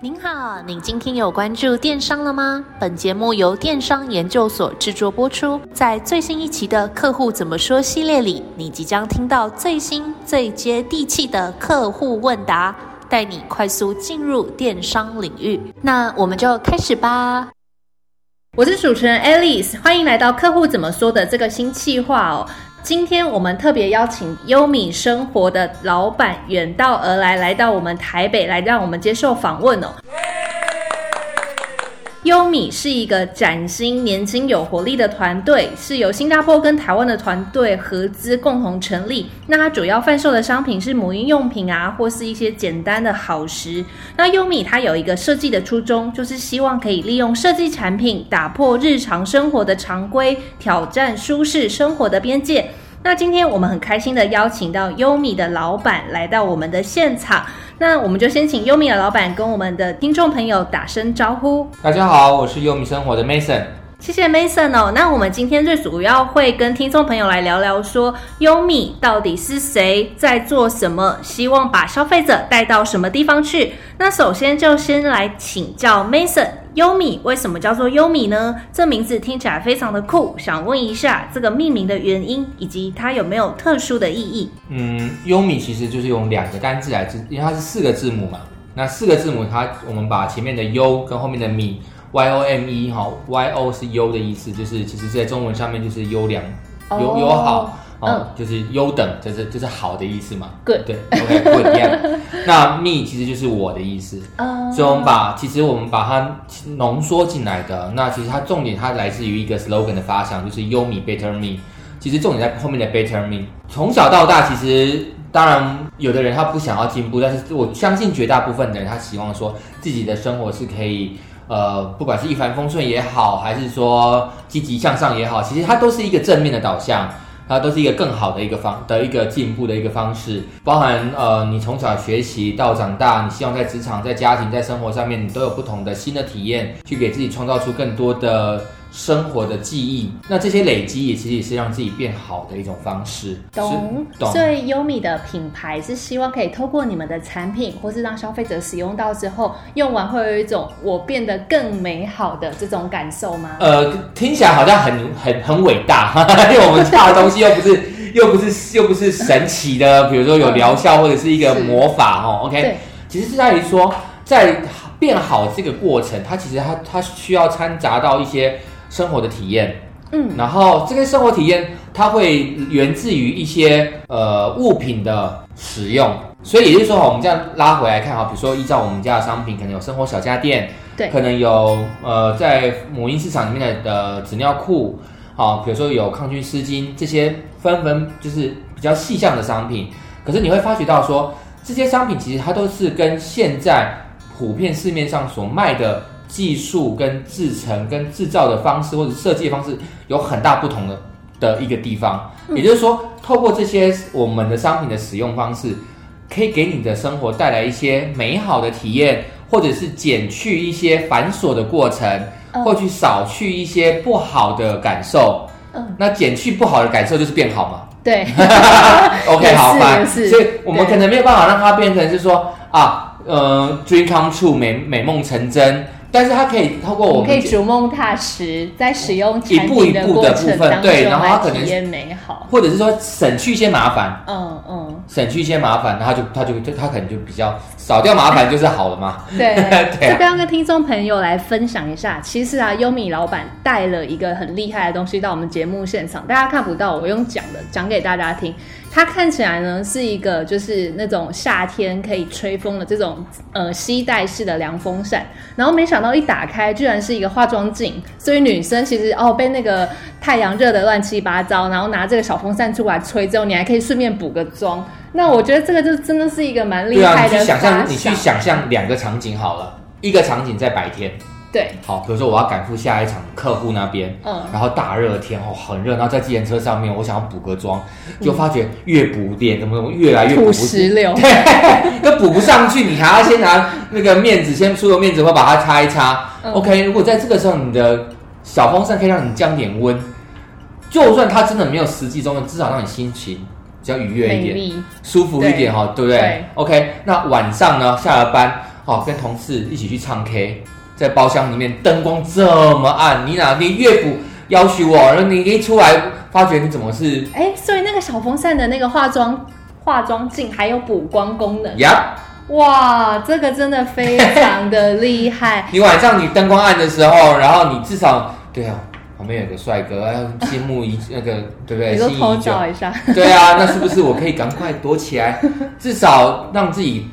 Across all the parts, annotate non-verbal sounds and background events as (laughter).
您好，您今天有關注電商了嗎？本節目由電商研究所製作播出。在最新一期的《客戶怎麼說》系列裡，你即將聽到最新、最接地氣的客戶問答，帶你快速進入電商領域。那我們就開始吧。我是主持人 Alice，歡迎來到《客戶怎麼說》的這個新企劃哦。今天我們特別邀請優米生活的老闆遠道而來，來到我們台北，來讓我們接受訪問哦。優米是一個嶄新、年輕、有活力的團隊，是由新加坡跟台灣的團隊合資共同成立。那它主要販售的商品是母嬰用品啊，或是一些簡單的好食。那優米它有一個設計的初衷，就是希望可以利用設計產品打破日常生活的常規，挑戰舒適生活的邊界。那今天我們很開心的邀請到優米的老闆來到我們的現場。那我們就先請 YOME 的老闆跟我們的聽眾朋友打聲招呼。大家好，我是 YOME 生活的 Mason。謝謝 Mason 哦，那我們今天最主要會跟聽眾朋友來聊聊說，優米到底是誰，在做什麼，希望把消費者帶到什麼地方去。那首先就先來請教 Mason，m 米為什麼叫做 m 米呢？這名字聽起來非常的酷，想問一下這個命名的原因，以及它有沒有特殊的意義？嗯，m 米其實就是用兩個單字來字，因為它是四個字母嘛。那四個字母它，它我們把前面的 U 跟後面的米。Y O M E 哈、oh,，Y O 是優的意思，就是其實，在中文上面就是優良、優友、oh, 好，哦、oh,，um, 就是優等，就是就是好的意思嘛。Good. 對，OK，good, yeah。那 me 其實就是我的意思，uh、所以我們把其實我們把它濃縮進來的。那其實它重點它來自於一個 slogan 的發想，就是優米 Better Me。其實重點在後面的 Better Me。從小到大，其實當然有的人他不想要進步，但是我相信絕大部分的人他希望說自己的生活是可以。呃，不管是一帆風順也好，還是說積極向上也好，其實它都是一個正面的導向，它都是一個更好的一個方的一個進步的一個方式。包含呃，你從小學習到長大，你希望在職場、在家庭、在生活上面，你都有不同的新的體驗，去給自己創造出更多的生活的記憶，那這些累積也其實也是讓自己變好的一種方式。懂，懂，所以優米的品牌是希望可以透過你們的產品，或是讓消費者使用到之後，用完會有一種我變得更美好的這種感受嗎？呃，聽起來好像很很很偉大， (laughs) 因為我們大的東西又不是 (laughs) 又不是又不是神奇的，比如說有療效或者是一個魔法哦。OK，對其實是在於說，在變好這個過程，它其實它它需要摻雜到一些。生活的體驗，嗯，然後這些生活體驗，它會源自於一些呃物品的使用，所以也就是說，我們這樣拉回來看，比如說依照我們家的商品，可能有生活小家電，對可能有呃在母嬰市場裡面的呃紙尿褲，好，比如說有抗菌濕巾這些，紛紛就是比較細項的商品，可是你會發覺到說這些商品其實它都是跟現在普遍市面上所賣的。技術跟製程跟製造的方式，或者設計的方式，有很大不同的的一個地方，也就是說，透過這些我們的商品的使用方式，可以給你的生活帶來一些美好的體驗，或者是減去一些繁瑣的過程，或去少去一些不好的感受。那減去不好的感受就是變好嘛？對。 (laughs) OK，好，也是，所以我們可能沒有辦法讓它變成是說啊，呃，dream come true，美美夢成真。但是他可以透過我們一步一步可以逐夢踏實，在使用產品的過程當中來體驗美好，或者是說省去一些麻煩。嗯嗯，省去一些麻煩，然後就他就，他，就，他，就，他，可就他可能就比較少掉麻煩，就是好了嘛。對 (laughs) 對。 (laughs) 對啊、這邊要跟聽眾朋友來分享一下，其實啊，優米老板帶了一個很厲害的東西到我們節目現場，大家看不到，我用講的講給大家聽。它看起來呢是一個就是那種夏天可以吹風的這種呃攜帶式的涼風扇，然後沒想到一打開居然是一個化妝鏡，所以女生其實哦被那個太陽熱的亂七八糟，然後拿這個小風扇出來吹之後，你還可以順便補個妝。那我覺得這個就真的是一個蠻厲害的發想、想象對啊，你去想象兩個場景好了，一個場景在白天。對，好，比如說我要趕赴下一場客戶那邊，嗯，然後大熱天哦，很熱，然後在計程車上面，我想要補個妝，就發覺越補臉，怎麼怎麼越來越補不實，對，都補不上去，你還要先拿那個面子，先出個面子，或把它擦一擦。OK，如果在這個時候你的小風扇可以讓你降點溫，就算它真的沒有實際中的，至少讓你心情比較愉悅一點，舒服一點哈，對不對？OK，那晚上呢，下了班，哦，跟同事一起去唱 K。在包廂裡面，燈光這麼暗，你哪天樂府要娶我？然後你一出來，發覺你怎麼是……哎、欸，所以那個小風扇的那個化妝化妝鏡還有補光功能呀？Yeah. 哇，這個真的非常的厲害！ (laughs) 你晚上你燈光暗的時候，然後你至少對啊，旁邊有個帥哥，然後心目一那個、 (laughs) 那個、對不對？你都偷照一下。對啊，那是不是我可以趕快躲起來， (laughs) 至少讓自己？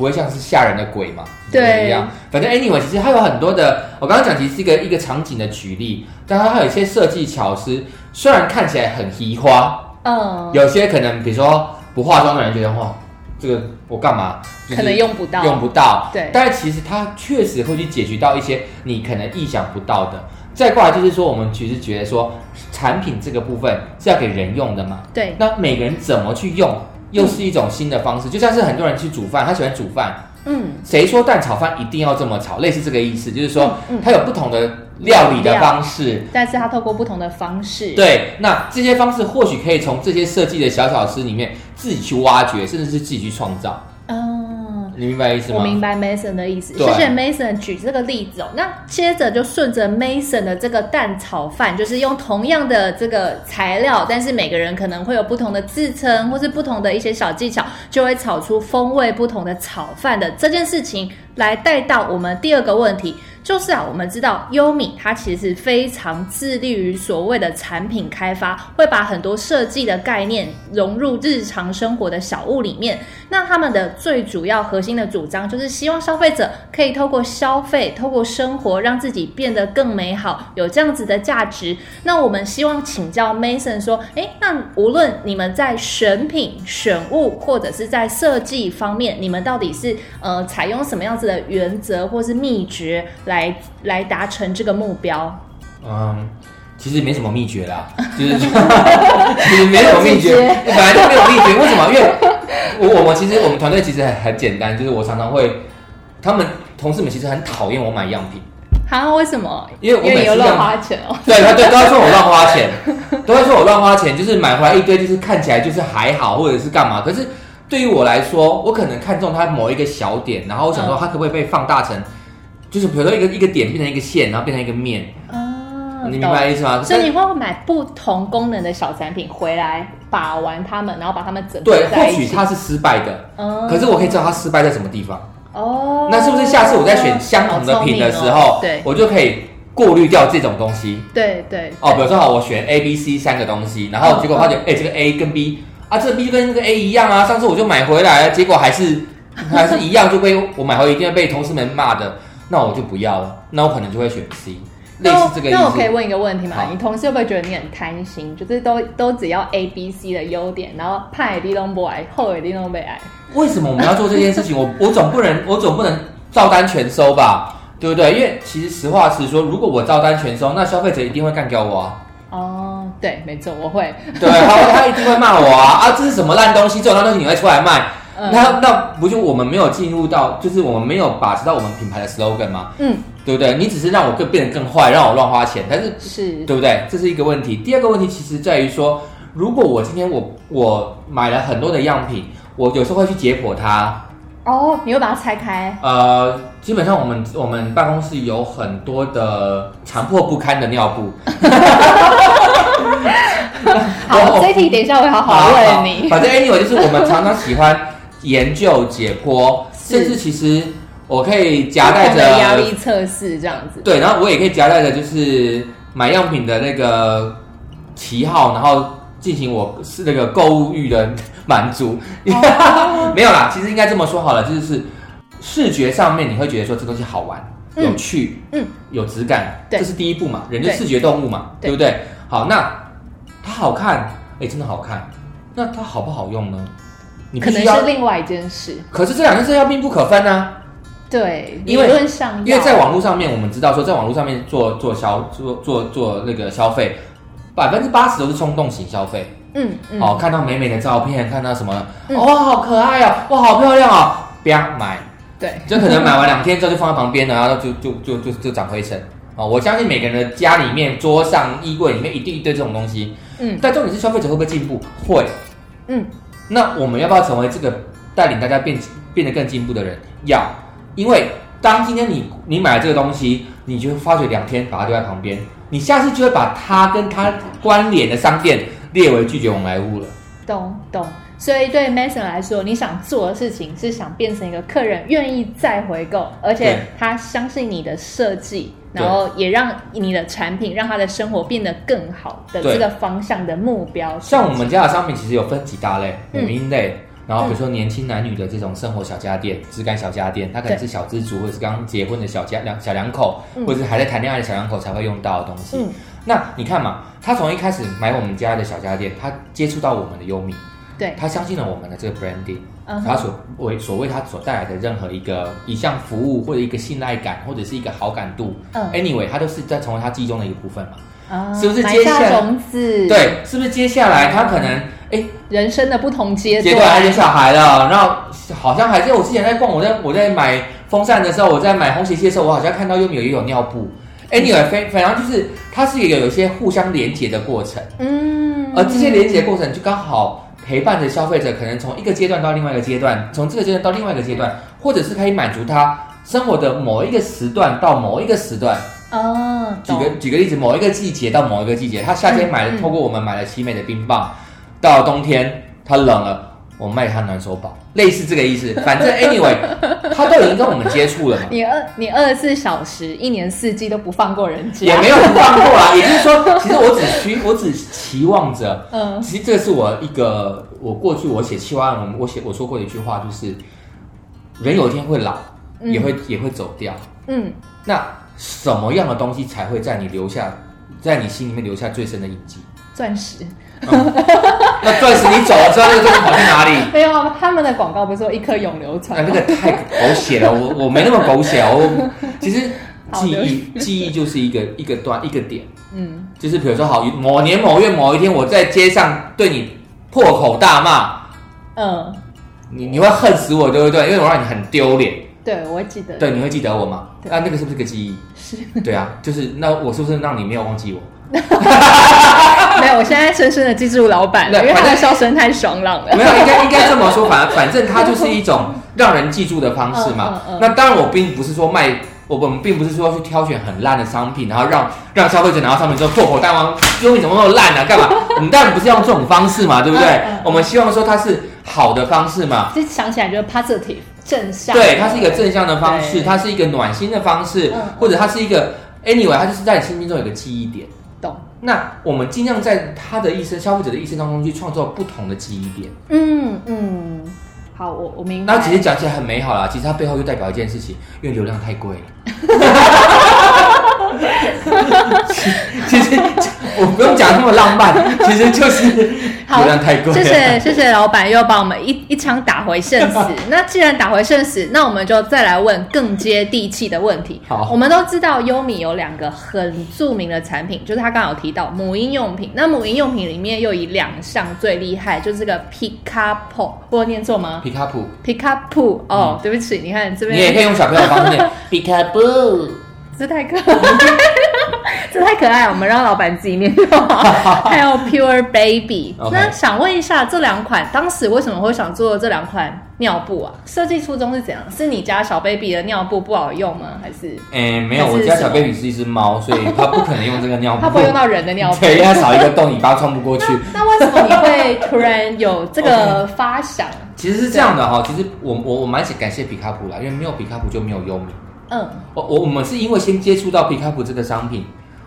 不會像是嚇人的鬼嘛？對，一樣。反正 anyway，其實它有很多的，我剛剛講其實是一個一個場景的舉例，但它有一些設計巧思，雖然看起來很移花，嗯，有些可能比如說不化妝的人覺得，哇，這個我幹嘛？就是、可能用不到，用不到。對，但是其實它確實會去解決到一些你可能意想不到的。再過來就是說，我們其實覺得說，產品這個部分是要給人用的嘛？對，那每個人怎麼去用？又是一種新的方式，就像是很多人去煮飯，他喜歡煮飯。嗯，誰說蛋炒飯一定要這麼炒？類似這個意思，就是說，嗯，嗯，他它有不同的料理的方式，但是它透過不同的方式，對，那這些方式或許可以從這些設計的小巧思裡面自己去挖掘，甚至是自己去創造。你明白意思嗎？我明白 Mason 的意思。對謝謝 Mason 舉這個例子哦。那接着就順着 Mason 的這個蛋炒飯，就是用同樣的這個材料，但是每個人可能會有不同的自稱，或是不同的一些小技巧，就會炒出風味不同的炒飯的這件事情，來帶到我們第二個問題，就是啊，我們知道優米它其實是非常致力於所謂的產品開發，會把很多設計的概念融入日常生活的小物裡面。那他們的最主要核心的主張就是希望消費者可以透過消費、透過生活，讓自己變得更美好，有這樣子的價值。那我們希望請教 Mason 說，哎、欸，那無論你們在選品、選物，或者是在設計方面，你們到底是呃採用什麼樣子的原則，或是秘訣，來來達成這個目標？嗯，其實沒什麼秘訣啦，就是，哈哈 (laughs) (laughs) 其實沒有秘訣，本來都沒有秘訣，為什麼？因為。我我 (laughs) 我，我們其實對我們團隊其實很很簡單，就是我常常會，他們同事們其實很討厭我買樣品。啊？為什麼？因為我因為有亂花錢哦。對他對，都要說我亂花錢， (laughs) 都要說我亂花錢，就是買回來一堆，就是看起來就是還好，或者是幹嘛。可是對於我來說，我可能看中它某一個小點，然後我想說它可不可以被放大成，嗯、就是比如說一個一個點變成一個線，然後變成一個面。哦、嗯，你明白的意思嗎？對是所以你會不會買不同功能的小產品回來？把玩他們，然後把他們整對，或許他是失敗的，嗯、可是我可以知道他失敗在什麼地方。哦，那是不是下次我再選相同的品的時候，哦、對我就可以過濾掉這種東西？對對。對對哦，比如說好，我選 A、B、C 三個東西，然後結果發現，哎、哦哦欸，這個 A 跟 B 啊，這個 B 跟這個 A 一樣啊。上次我就買回來，結果還是還是一樣，就被我買回來，一定要被同事們罵的。那我就不要了，那我可能就會選 C。那我可以問一個問題嗎？好你同事會不會覺得你很貪心？就是都都只要 A、B、C 的優點，然後派一定不悲哀，後一定不悲哀。為什麼我們要做這件事情？ (laughs) 我我總不能我總不能照單全收吧，對不對？因為其實實話實說，如果我照單全收，那消費者一定會幹掉我、啊。哦，對，沒錯，我會 (laughs) 對，好，他一定會罵我啊！啊，這是什麼爛東西？這種爛東西你會出來賣？嗯、那那不就我們沒有進入到，就是我們沒有把持到我們品牌的 slogan 嗎？嗯。對不對？你只是讓我更變得更壞，讓我亂花錢，但是是，對不對？這是一個問題。第二個問題其實在於說，如果我今天我我買了很多的樣品，我有時候會去解剖它。哦，你會把它拆開？呃，基本上我們我們辦公室有很多的殘破不堪的尿布。好，這一題等一下我會好好問你。反正 anyway 就是我們常常喜歡研究解剖， (laughs) 是甚至其實。我可以夾帶着壓力測試這樣子，對，然後我也可以夾帶着就是買樣品的那個旗號，然後進行我是那個購物欲的滿足，啊、 (laughs) 沒有啦，其實應該這麼說好了，就是視覺上面你會覺得說這東西好玩、嗯、有趣，嗯，有質感，對這是第一步嘛，人就視覺動物嘛，對，對，對不對？好，那它好看，哎、欸，真的好看，那它好不好用呢？你要可能是另外一件事，可是這兩件事要密不可分啊。對，因為，因為在網絡上面，我們知道說，在網絡上面做做消做做做那個消費，百分之八十都是衝動型消費。嗯嗯，嗯哦，看到美美的照片，看到什麼，哇、嗯哦，好可愛哦，哇，好漂亮哦，不要、嗯、買。對，就可能買完兩天之後就放在旁邊了，然後就就就就就，就長灰塵。哦，我相信每個人的家裡面、桌上、衣櫃裡面一定一堆這種東西。嗯，但重點是消費者會不會進步？會。嗯，那我們要不要成為這個帶領大家變變得更進步的人？要。因為當今天你你買了這個東西，你就會發覺兩天把它丟在旁邊，你下次就會把它跟它關聯的商店列為拒絕往來戶了。懂懂。所以對 Mason 來說，你想做的事情是想變成一個客人願意再回購，而且他相信你的設計，對然後也讓你的產品讓他的生活變得更好的。的對這個方向的目標，像我們家的商品其實有分幾大類：母嬰類。嗯然後比如說年輕男女的這種生活小家電、質感、嗯、小家電，他可能是小資族對或者是剛結婚的小家兩小兩口，嗯、或者是還在談戀愛的小兩口才會用到的東西。嗯、那你看嘛，他從一開始買我們家的小家電，他接觸到我們的優米，對，他相信了我們的這個 branding，他、嗯、哼所為所謂他所帶來的任何一個一項服務或者一個信賴感或者是一個好感度，嗯，anyway，他都是在成為他記憶中的一個部分嘛。啊、是不是接下來？下種子對，是不是接下來他可能哎？欸、人生的不同階段。對，還有小孩了，嗯、然後好像還在。我之前在逛，我在我在買風扇的時候，我在買烘鞋器的時候，我好像看到優米也有尿布。哎是，你有，反反正就是，它是也有有些互相連接的過程。嗯。而這些連接的過程，就剛好陪伴着消費者，可能從一個階段到另外一個階段，從這個階段到另外一個階段，或者是可以滿足他生活的某一個時段到某一個時段。哦，舉個懂舉個例子，某一個季節到某一個季節，他夏天買了，嗯嗯、透過我們買了奇美的冰棒，到冬天他冷了，我賣他暖手寶，類似這個意思。反正 anyway，他都已經跟我們接觸了嘛。你二你二十四小時一年四季都不放過人家，也沒有放過啊。也就是說，其實我只期我只期望着，嗯，其實這是我一個我過去我寫七萬，我寫我說過一句話，就是人有一天會老，嗯、也會也會走掉，嗯，那。什麼樣的東西才會在你留下，在你心裡面留下最深的印記？鑽鑽石。 (laughs) 嗯、那鑽石你走了之後，那個鑽石跑去哪裡？ (laughs) 沒有，他們的廣告不是說一顆永流傳？那、啊這個太狗血了， (laughs) 我我沒那麼狗血。我其實的記憶，記憶就是一個一個端一個點。嗯，就是比如說，好某年某月某一天，我在街上對你破口大罵。嗯，你你會恨死我，對不對？因為我讓你很丟臉。對，我會記得。對，你會記得我嗎？對啊，那個是不是個記憶？ (laughs) 對啊，就是那我是不是讓你沒有忘記我？ (laughs) (laughs) 沒有，我現在深深的記住老闆了，對，因為他的笑聲太爽朗了。 (laughs) 沒有，應該應該這麼說，反正反正他就是一種讓人記住的方式嘛。 (laughs) 嗯嗯嗯、那當然，我並不是說賣，我們並不是說去挑選很爛的商品，然後讓讓消費者拿到商品之後破口大罵，東西 (laughs) 怎麼那麼爛啊？幹嘛？我們 (laughs) 當然不是用這種方式嘛，對不對？嗯嗯、我們希望說它是好的方式嘛。這、嗯嗯、想起來就是 positive。正向，對，它是一個正向的方式，它是一個暖心的方式，嗯、或者它是一個，anyway，它就是在你心中有個記憶點。懂。那我們盡量在他的一生、消費者的一生當中去創造不同的記憶點。嗯嗯，好，我我明白。那其實講起來很美好啦，其實它背後又代表一件事情，因為流量太貴了。 (laughs) (laughs) (laughs) 其實，其實我不用講那麼浪漫，其實就是。好，流量太貴了。謝謝，謝謝謝謝老闆，又把我們一一槍打回現實。 (laughs) 那既然打回現實，那我們就再來問更接地氣的問題。好，我們都知道優米有兩個很著名的產品，就是他剛好有提到母嬰用品。那母嬰用品裡面又以兩項最厲害，就是這個不皮卡普，我念錯嗎？皮卡普，皮卡普哦，嗯、對不起，你看這邊，你也可以用小朋友方式念， (laughs) 皮卡布。這太可愛， (laughs) 這太可愛了。我們讓老闆自己念就好。還有 Pure Baby，Okay. 那想問一下，這兩款當時為什麼會想做這兩款尿布啊？設計初衷是怎樣？是你家小 baby 的尿布不好用嗎？還是？哎，沒有，我家小 baby 是一隻貓，所以它不可能用這個尿布，它 (laughs) 不會用到人的尿布。 (laughs) 對，應該少一個洞，尾巴穿不過去 (laughs) 那。那為什麼你會突然有這個發想？其實是這樣的哈、哦，對其實我我我蠻感謝 PeeKaPoo 啦，因為沒有 PeeKaPoo 就沒有優米。嗯，我我我們是因為先接觸到 PeeKaPoo 這個商品，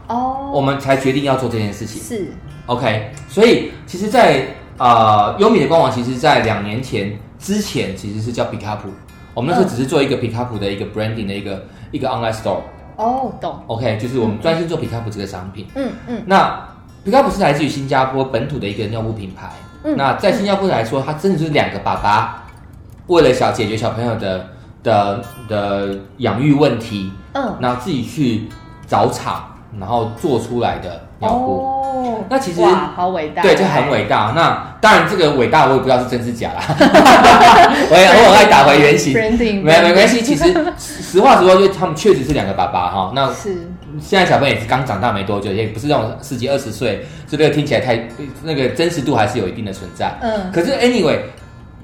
哦，我們才決定要做這件事情。是，OK。所以其實在，在啊優米的官網，其實在兩年前之前，其實是叫 PeeKaPoo。我們那時候只是做一個 PeeKaPoo 的、嗯、一個 branding 的一個一個 online store。哦，懂。OK，就是我們專心做 PeeKaPoo 這個商品。嗯嗯。那 PeeKaPoo 是來自於新加坡本土的一個尿布品牌。嗯。那在新加坡來說，它真的就是兩個爸爸，為了小解決小朋友的。的的養育問題，嗯，那自己去找廠，然後做出來的尿布，哦，那其實好偉大，對，就很偉大。哎、那當然，這個偉大我也不知道是真是假啦， (laughs) 我也偶爾 (laughs) 愛打回原形，沒 (laughs) 沒關係。其實實話實說，就他們確實是兩個爸爸哈。 (laughs) 那是現在小朋友也是剛長大沒多久，也不是那種十幾二十歲，這個聽起來太那個真實度還是有一定的存在，嗯。可是 anyway，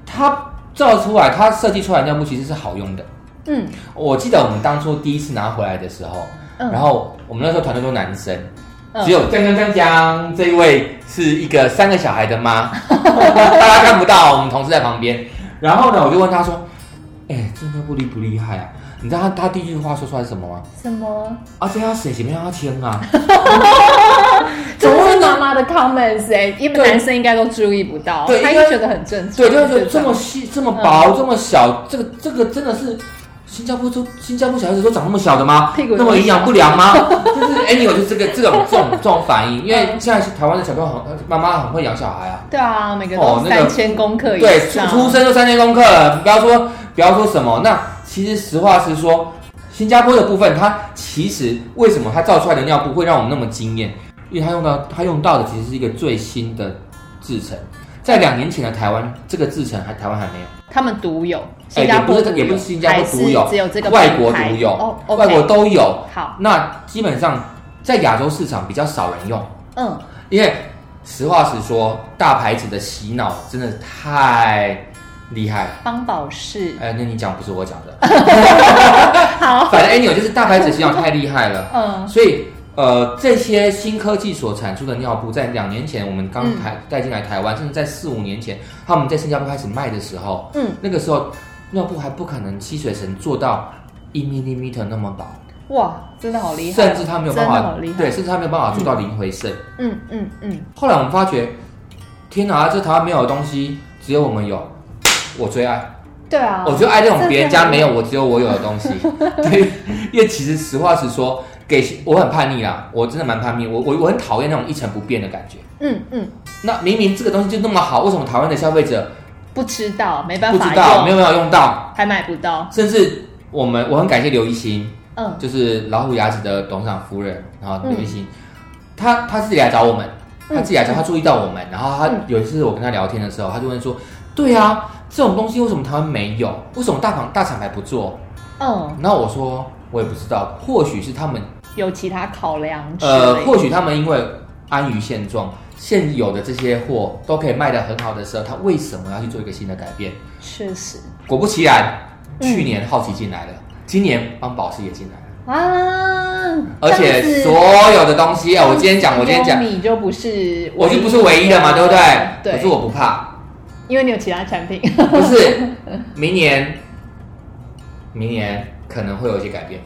他。照出來，他設計出來尿布其實是好用的。嗯，我記得我們當初第一次拿回來的時候，嗯、然後我們那時候團隊都男生，嗯、只有江江江這一位是一個三個小孩的媽，大家 (laughs) 看不到我們同事在旁邊。然後呢，我就問他說：“哎、欸，這個布厲不厲害啊？”你知道他他第一句話說出來是什麼嗎？什麼？而且他寫前面要簽啊，哈哈哈這是媽媽的 comments 哎，一般男生應該都注意不到，對，應該覺得很正常，對，就是說這麼細、這麼薄、這麼小，這個這個真的是新加坡都新加坡小孩子都長那麼小的嗎？那麼營養不良嗎？就是 anyway，我就這個這種這種這種反應，因為現在是台灣的小朋友很媽媽很會養小孩啊，對啊，每個哦那三千公克以上，對，出生就三千公克了，不要說不要說什麼那。其實，實話實說，新加坡的部分，它其實為什麼它造出來的尿布會讓我們那麼驚豔？因為它用到它用到的其實是一個最新的製程，在兩年前的台灣，這個製程還台灣還沒有，他們獨有。哎、欸，也不是有也不是新加坡獨有，只有這個外國獨有。哦，oh, okay. 外國都有。好，那基本上在亞洲市場比較少人用。嗯，因為實話實說，大牌子的洗腦真的太。厲害，幫寶適，哎，那你講不是我講的，好，反正 anyway 就是大牌子，實際太厲害了，嗯，所以呃這些新科技所產出的尿布，在兩年前我們剛台帶進來台灣，甚至在四五年前他們在新加坡開始賣的時候，嗯，那個時候尿布還不可能吸水層做到一 mm 那麼薄，哇，真的好厲害，甚至他沒有辦法，對，甚至他沒有辦法做到零回滲，嗯嗯嗯，後來我們發覺，天哪，這台灣沒有的東西，只有我們有。我最愛，對啊，我就愛這種別人家沒有，我只有我有的東西。 (laughs) 對，因為其實實話實說，給我很叛逆啦，我真的蠻叛逆，我我我很討厭那種一成不變的感覺。嗯嗯。嗯那明明這個東西就那麼好，為什麼台灣的消費者不知道？沒辦法，不知道，沒有沒有用到，還買不到。甚至我們我很感謝劉一心嗯，就是老虎牙齒的董事長夫人，然後劉一心、嗯、他他自己來找我們，他自己來找，他注意到我們，嗯、然後他有一次我跟他聊天的時候，他就問說：“嗯、對啊。”這種東西為什麼他們沒有？為什麼大廠大廠牌不做？嗯，那我說我也不知道，或許是他們有其他考量。呃，或許他們因為安於現狀，現有的這些貨都可以賣得很好的時候，他為什麼要去做一個新的改變？確實是，果不其然，去年好奇進來了，嗯、今年幫寶適也進來了啊！而且所有的東西是啊，我今天講，我今天講，你就不是一一，我就不是唯一的嘛？啊、對不對？對，可是我不怕。因為你有其他產品， (laughs) 不是明年，明年可能會有一些改變。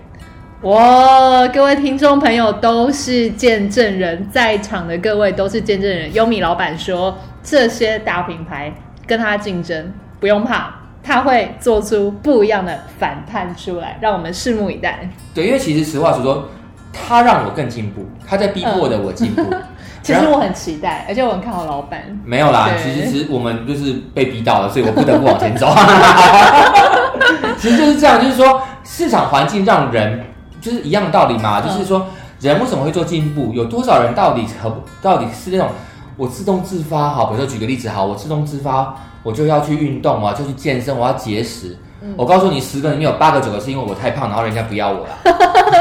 哇、哦，各位聽眾朋友都是見證人，在場的各位都是見證人。優米老闆說，這些大品牌跟他競爭不用怕，他會做出不一樣的反叛出來，讓我們拭目以待。對，因為其實實話實說，他讓我更進步，他在逼迫著我進步。嗯 (laughs) 其實我很期待，後而且我很看好老闆。沒有啦，對其實其實我們就是被逼到了，所以我不得不往前走。 (laughs) (laughs) 其實就是這樣，就是說市場環境讓人就是一樣的道理嘛，嗯、就是說人為什麼會做進步？有多少人到底和到底是那種我自動自發？好，比如說舉個例子，好，我自動自發，我就要去運動啊，就去健身，我要節食。我告訴你，十個人有八個、九個是因為我太胖，然後人家不要我了。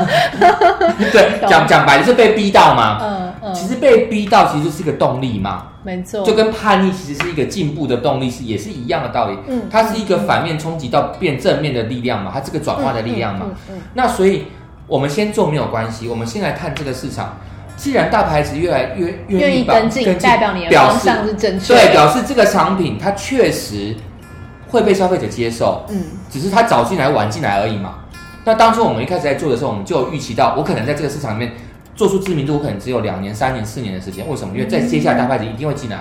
(laughs) 對，懂講講白了是被逼到嗎？嗯嗯。嗯其實被逼到其實是一個動力嘛，沒錯。就跟叛逆其實是一個進步的動力，是也是一樣的道理。嗯，它是一個反面衝擊到變正面的力量嘛，它這個轉化的力量嘛。嗯，嗯，嗯，嗯。那所以我們先做沒有關係，我們先來看這個市場。既然大牌子越來越，越，越願意跟進，更進代表你的表示是正確。對，表示這個產品它確實。會被消費者接受，嗯，只是他早進來晚進來而已嘛。嗯，那當初我們一開始在做的時候，我們就預期到，我可能在這個市場裡面做出知名度，我可能只有兩年、三年、四年的時間。為什麼？因為在接下來大牌子一定會進來。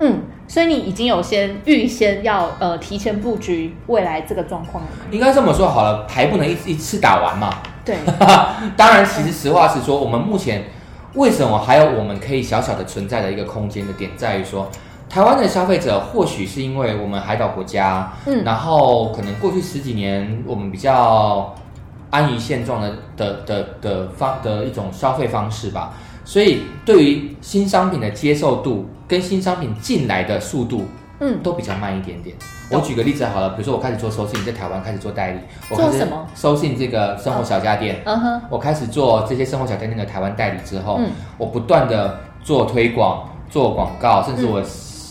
嗯，所以你已經有先預先要呃提前布局未來這個狀況了。應該這麼說好了，牌不能一一次打完嘛。對， (laughs) 當然，其實實話實說，我們目前為什麼還有我們可以小小的存在的一個空間的點，在於說。台灣的消費者或許是因為我們海島國家，嗯，然後可能過去十幾年我們比較安於現狀的的的的，的方的一種消費方式吧，所以對於新商品的接受度跟新商品進來的速度，嗯，都比較慢一點點。嗯、我舉個例子好了，比如說我開始做收信，在台灣開始做代理，我開始收信這個生活小家電，嗯哼，我開始做這些生活小家電的台灣代理之後，嗯，我不斷的做推廣、做廣告，甚至我、嗯。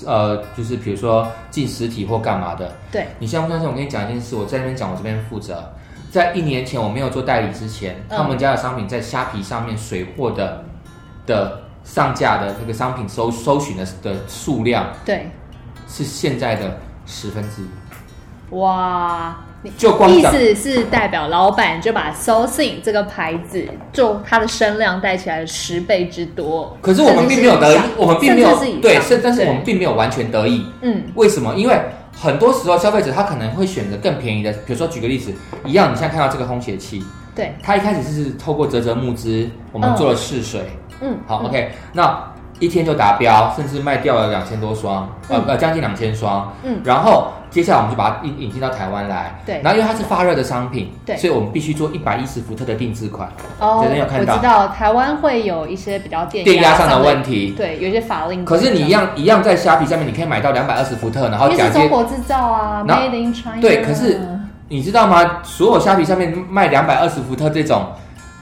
呃，就是比如說進實體或幹嘛的，對。你相不相信？我跟你講一件事，我在那邊講，我這邊負責。在一年前我沒有做代理之前，嗯、他們家的商品在蝦皮上面水貨的的上架的那個商品搜搜尋的的數量，對，是現在的十分之一。哇。就意思是代表老闆就把 sourcing 這個牌子，就它的聲量帶起來十倍之多。可至是我們並沒有得意，我們並沒有對，但是我們並沒有完全得意。嗯對，為什麼？因為很多時候消費者他可能會選擇更便宜的。比如說舉個例子，一樣，嗯、你現在看到這個烘鞋器，對，他一開始是透過嘖嘖募資，我們做了試水、哦。嗯，好嗯，OK，那。一天就達標，甚至賣掉了兩千多雙，呃、嗯、呃，將近兩千雙。嗯，然後接下來我們就把它引引進到台灣來。對，然後因為它是發熱的商品，對，所以我們必須做一百一十伏特的定制款。哦，昨天有看到，我知道台灣會有一些比較電壓電壓上的問題，對，有些法令等等。可是你一樣一樣在蝦皮上面，你可以買到兩百二十伏特，然後假接是中國制造啊後，made in China。對，可是你知道嗎？所有蝦皮上面賣兩百二十伏特這種。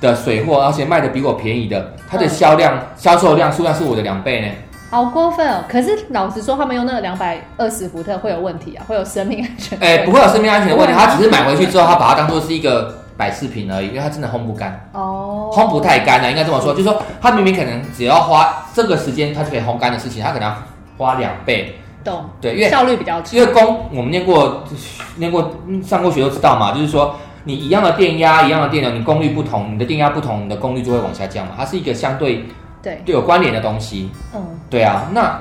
的水貨，而且賣的比我便宜的，它的銷量、銷、嗯、售量、數量是我的兩倍呢。好過分哦！可是老實說，他們用那個兩百二十伏特會有問題啊，會有生命安全。哎、欸，不會有生命安全的問題，他只是買回去之後，他對把它當做是一個擺飾品而已，因為它真的烘不乾哦，烘不太乾的、啊，應該這麼說，對就是說他明明可能只要花這個時間，他就可以烘乾的事情，他可能要花兩倍。懂對，因為效率比較低，因為工我們念過、念過、上過學都知道嘛，就是說。你一樣的電壓，一樣的電流，你功率不同，你的電壓不同，你的功率就會往下降嘛。它是一個相對對有關聯的東西。對嗯，對啊。那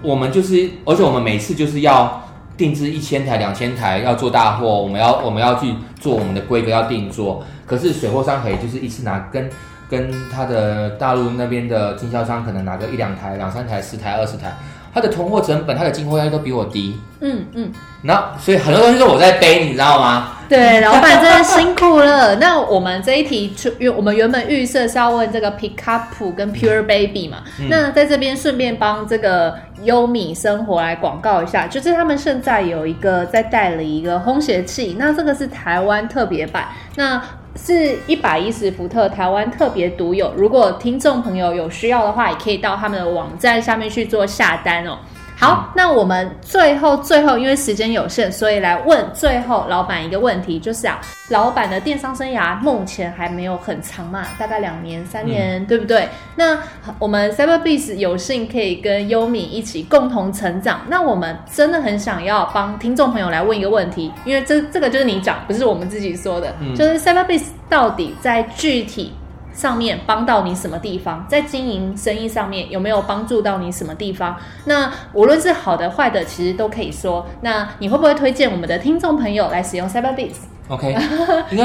我們就是，而且我們每次就是要定制一千台、兩千台，要做大貨，我們要我們要去做我們的規格，要定做。可是水貨商可以就是一次拿跟跟他的大陸那邊的經銷商可能拿個一兩台、兩三台、十台、二十台。他的囤貨成本、他的進貨壓力都比我低。嗯嗯，嗯，那所以很多東西是我在背，你知道嗎？對，老闆真的辛苦了。 (laughs) 那我們這一題，我們原本預設是要問這個 PeeKaPoo 跟 Pure Baby 嘛？嗯、那在這邊順便幫這個優米生活來廣告一下，就是他們現在有一個在帶了一個烘鞋器，那這個是台灣特別版。那是一百一十伏特，台灣特別獨有。如果聽眾朋友有需要的話，也可以到他們的網站下面去做下單哦。好，那我們最後最後，因為時間有限，所以來問最後老闆一個問題，就是啊，老闆的電商生涯目前還沒有很長嘛，大概兩年三年，嗯、對不對？那我們 Cyberbiz 有幸可以跟優米一起共同成長，那我們真的很想要幫聽眾朋友來問一個問題，因為這這個就是你講，不是我們自己說的，嗯、就是 Cyberbiz 到底在具體。上面幫到你什麼地方，在經營生意上面有沒有幫助到你什麼地方？那無論是好的壞的，其實都可以說。那你會不會推薦我們的聽眾朋友來使用 Cyberbiz？OK，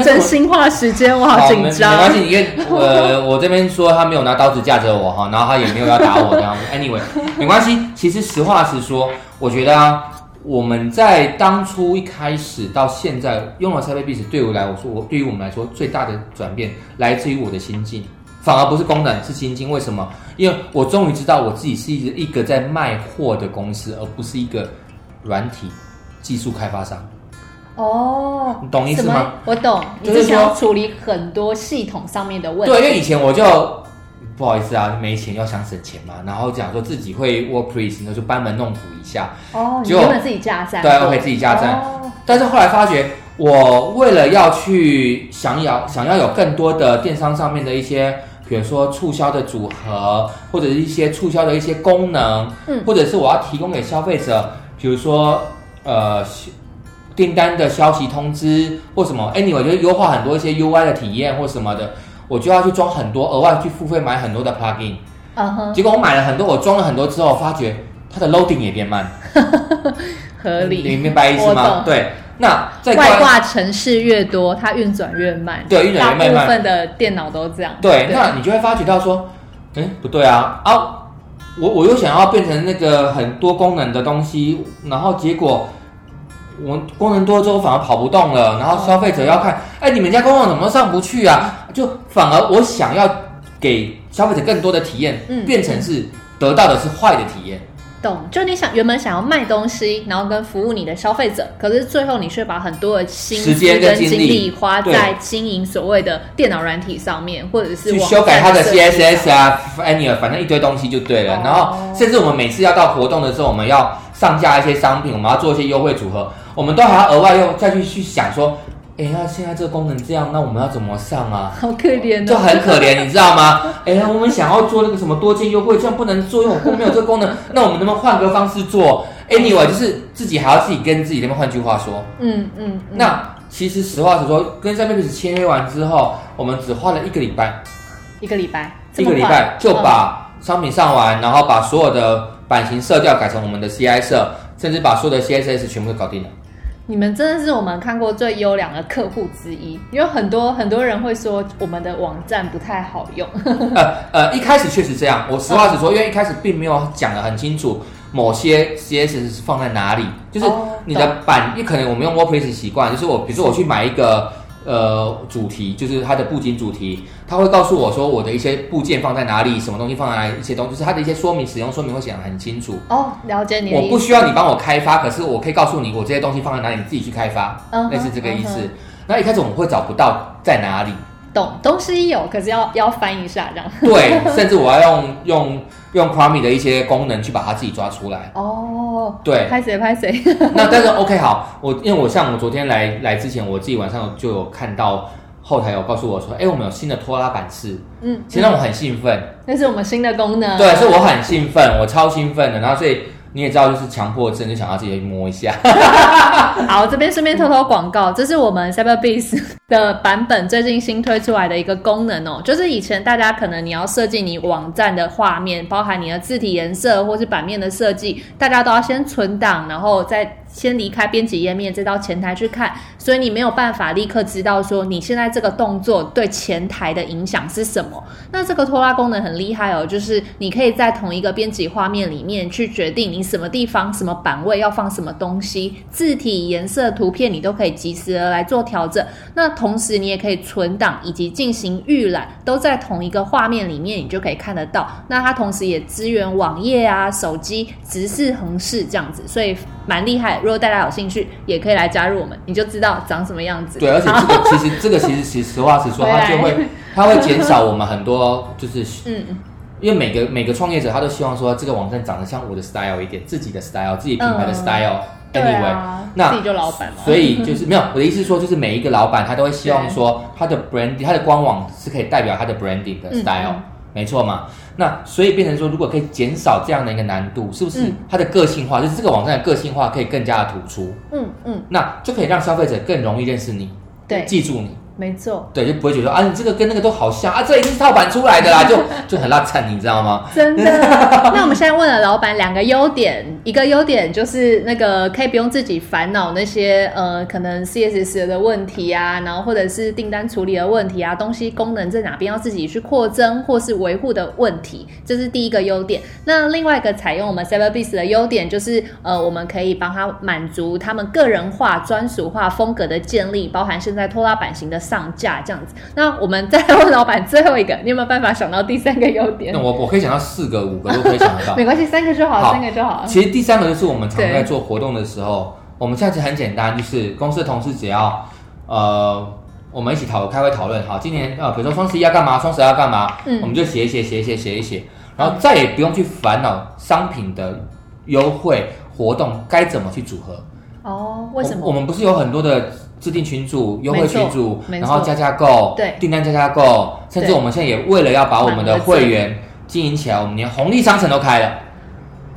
真心話時間，我好緊張。沒關係，因為呃，我這邊說他沒有拿刀子架着我哈，然後他也沒有要打我這樣子。 (laughs) anyway，沒關係。其實實話實說，我覺得啊。我們在當初一開始到現在用了 Cyberbiz 對我來說，我說我對於我們來說最大的轉變來自於我的心境，反而不是功能，是心境。為什麼？因為我終於知道我自己是一一個在賣貨的公司，而不是一個軟體技術開發商。哦，你懂意思嗎？我懂，你是想處理很多系統上面的問題？對，因為以前我就。不好意思啊，沒錢又想省錢嘛，然後講說自己會 WordPress 那就班門弄斧一下哦，就、oh, 果原本自己架站對，OK，自己架站、oh. 但是後來發覺，我為了要去想要想要有更多的電商上面的一些，比如說促銷的組合，或者是一些促銷的一些功能，嗯、或者是我要提供給消費者，比如說呃、訂單的消息通知或什麼，哎，你我覺得優化很多一些 UI 的體驗或什麼的。我就要去裝很多額外去付費買很多的 plugin，啊、uh huh、結果我買了很多，我裝了很多之後，發覺它的 loading 也變慢， (laughs) 合理，你，你明白意思嗎？的對，那這外掛程式越多，它運轉越慢，對，運轉越越慢。大部分的電腦都這樣，對，對那你就會發覺到說，欸、不對啊，啊，我我又想要變成那個很多功能的東西，然後結果。我功能多之後反而跑不動了，然後消費者要看，哎、oh. 欸，你們家官網怎麼上不去啊？就反而我想要給消費者更多的體驗，嗯、變成是得到的是壞的體驗。懂，就你想原本想要賣東西，然後跟服務你的消費者，可是最後你卻把很多的心，時間跟精力花在經營所謂的電腦軟體上面，或者是去修改它的 CSS 啊，anyway，反正一堆東西就對了。Oh. 然後甚至我們每次要到活動的時候，我們要上架一些商品，我們要做一些優惠組合，我們都還要額外又再去去想說，哎、欸，那現在這個功能這樣，那我們要怎麼上啊？好可憐的，就很可憐， (laughs) 你知道嗎？哎、欸，我們想要做那個什麼多件優惠，這樣不能做，我們沒有這個功能，那我們能不能換個方式做？Anyway，就是自己還要自己跟自己那邊換句話說，嗯嗯，嗯嗯，那其實實話實說，跟 Cyberbiz 簽約完之後，我們只花了一個禮拜，一個禮拜，一個禮拜就把商品上完，哦、然後把所有的。版型色調改成我們的 CI 色，甚至把所有的 CSS 全部都搞定了。你們真的是我們看過最優良的客戶之一。有很多很多人會說我們的網站不太好用。 (laughs) 呃呃，一開始確實這樣。我實話實說，哦、因為一開始並沒有講得很清楚，某些 CSS 是放在哪裡。就是你的版，你、哦、可能我們用 WordPress 習慣，就是我，比如說我去買一個呃主題，就是它的布景主題。他會告訴我說我的一些部件放在哪裡，什麼東西放在哪裡，一些東西，就是它的一些說明、使用說明會寫的很清楚。哦，oh, 了解你。我不需要你幫我開發，可是我可以告訴你我這些東西放在哪裡，你自己去開發，uh、huh, 類似這個意思。Uh huh、那一開始我們會找不到在哪裡。懂東西有，可是要要翻一下這樣。 (laughs) 對，甚至我要用用用 Prime 的一些功能去把它自己抓出來。哦，oh, 對，拍誰拍誰。 (laughs) 那但是 OK 好，我因為我像我昨天來來之前，我自己晚上就有看到。後台有告訴我說，哎、欸，我們有新的拖拉板式，嗯，其實讓我很興奮、嗯嗯。那是我們新的功能。對，是我很興奮，我超興奮的。然後所以你也知道，就是強迫症，就想要自己去摸一下。 (laughs) 好，這邊順便偷偷廣告，嗯、這是我們 Cyberbiz 的版本最近新推出來的一個功能哦、喔，就是以前大家可能你要設計你網站的畫面，包含你的字體顏色或是版面的設計，大家都要先存檔，然後再。先離開編輯頁面，再到前台去看，所以你沒有辦法立刻知道說你現在這個動作對前台的影響是什麼。那這個拖拉功能很厲害哦，就是你可以在同一個編輯畫面裡面去決定你什麼地方、什麼版位要放什麼東西、字體、顏色、圖片，你都可以及時的來做調整。那同時你也可以存檔以及進行預覽，都在同一個畫面裡面，你就可以看得到。那它同時也支援網頁啊、手機、直式、橫式這樣子，所以蠻厲害。如果大家有興趣，也可以來加入我們，你就知道長什麼樣子。對，而且這個 (laughs) 其實這個其實其實實話實說，它就會它會減少我們很多，就是嗯，因為每個每個創業者他都希望說，這個網站長得像我的 style 一點，自己的 style，自己品牌的 style，嗯。anyway，、啊、那自己就老闆嘛，所以就是沒有我的意思說，就是每一個老闆他都會希望說，他的 branding，、嗯、他的官網是可以代表他的 branding 的 style，嗯。嗯沒錯嘛，那所以變成說，如果可以減少這樣的一個難度，是不是它的個性化，嗯、就是這個網站的個性化可以更加的突出？嗯嗯，嗯那就可以讓消費者更容易認識你，對，記住你。沒錯，對，就不會覺得說啊，你這個跟那個都好像啊，這一定是套版出來的啦，就就很落漆，你知道嗎？ (laughs) 真的。那我們現在問了老闆兩個優點，一個優點就是那個可以不用自己煩惱那些呃，可能 CSS 的問題啊，然後或者是訂單處理的問題啊，東西功能在哪邊要自己去擴增或是維護的問題，這是第一個優點。那另外一個採用我們 Cyberbiz 的優點就是呃，我們可以幫他滿足他們個人化、專屬化風格的建立，包含現在拖拉版型的。上架這樣子，那我們再問老闆最後一個，你有沒有辦法想到第三個優點？那我我可以想到四個、五個都可以想到， (laughs) 沒關係，三個就好，好，三個就好。其實第三個就是我們常在做活動的時候，對我們下次很簡單，就是公司的同事只要呃我們一起討開會討論，好，今年、嗯、呃比如說雙十一要幹嘛，雙十二要幹嘛，嗯、我們就寫一寫，寫一寫，寫一寫，然後再也不用去煩惱商品的優惠活動該怎麼去組合。哦，為什麼？我，我們不是有很多的。制定群組，優惠群組，然後加加購，對訂單加加購，甚至我們現在也為了要把我們的會員經營起來，我們、啊、連紅利商城都開了。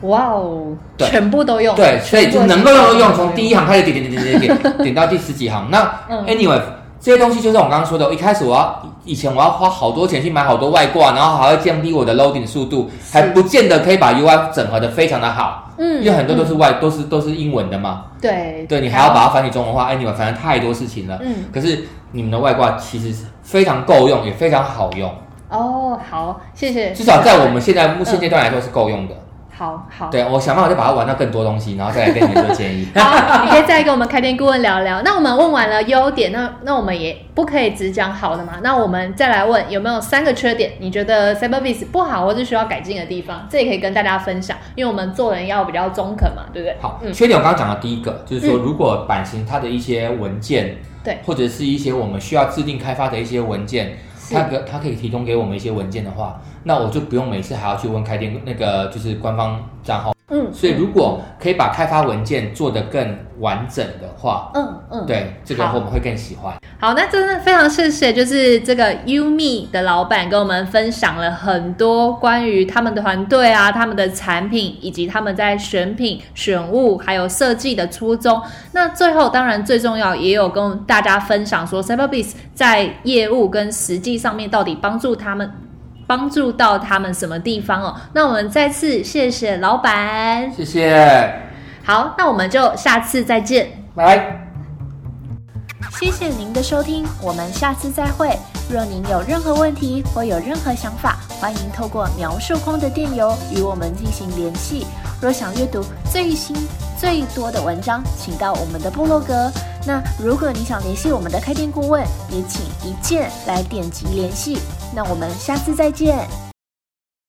哇哦，對全部都用對，所以就能夠用用，都用從第一行開始點點點點點點,點,點,點,點， (laughs) 點到第十幾行。那、嗯、Anyway。這些東西就是我剛剛說的，一開始我要以前我要花好多錢去買好多外掛，然後還要降低我的 loading 速度，是還不見得可以把 UI 整合的非常的好。嗯，因為很多都是外、嗯、都是都是英文的嘛。對，對你還要把它翻譯成中文化，哎好、欸，你們反正太多事情了。嗯，可是你們的外掛其實非常夠用，也非常好用。哦，好，謝謝。至少在我們現在現階段來說是夠用的。嗯好好，好，對我想辦法就把它玩到更多東西，然後再來跟你做建議 (laughs) 好。你可以再跟我們開店顧問聊聊。 (laughs) 那我們問完了優點，那那我們也不可以只講好的嘛。那我們再來問有沒有三個缺點？你覺得 Cyberbiz 不好或是需要改進的地方？這也可以跟大家分享，因為我們做人要比較中肯嘛，對不對？好，嗯、缺點我剛剛講的第一個，就是說如果版型它的一些文件，對、嗯，或者是一些我們需要制定開發的一些文件，它可對它可以提供給我們一些文件的話。那我就不用每次還要去問開店那個就是官方賬號。嗯，嗯，所以如果可以把開發文件做得更完整的話，嗯嗯，嗯對，這個我們會更喜歡。好，好，那真的非常謝謝，就是這個 YOME 的老闆跟我們分享了很多關於他們的團隊啊、他們的產品，以及他們在選品、選物還有設計的初衷。那最後，當然最重要，也有跟大家分享說 Cyberbiz 在業務跟實際上面到底幫助他們。幫助到他們什麼地方哦？那我們再次謝謝老闆，謝謝。好，那我們就下次再見，拜拜。謝謝您的收聽，我們下次再會。若您有任何問題或有任何想法，歡迎透過描述框的電郵與我們進行聯繫。若想閱讀最新最多的文章，請到我們的部落格。那如果你想聯繫我們的開店顧問，也請一鍵來點擊聯繫。那我們下次再見。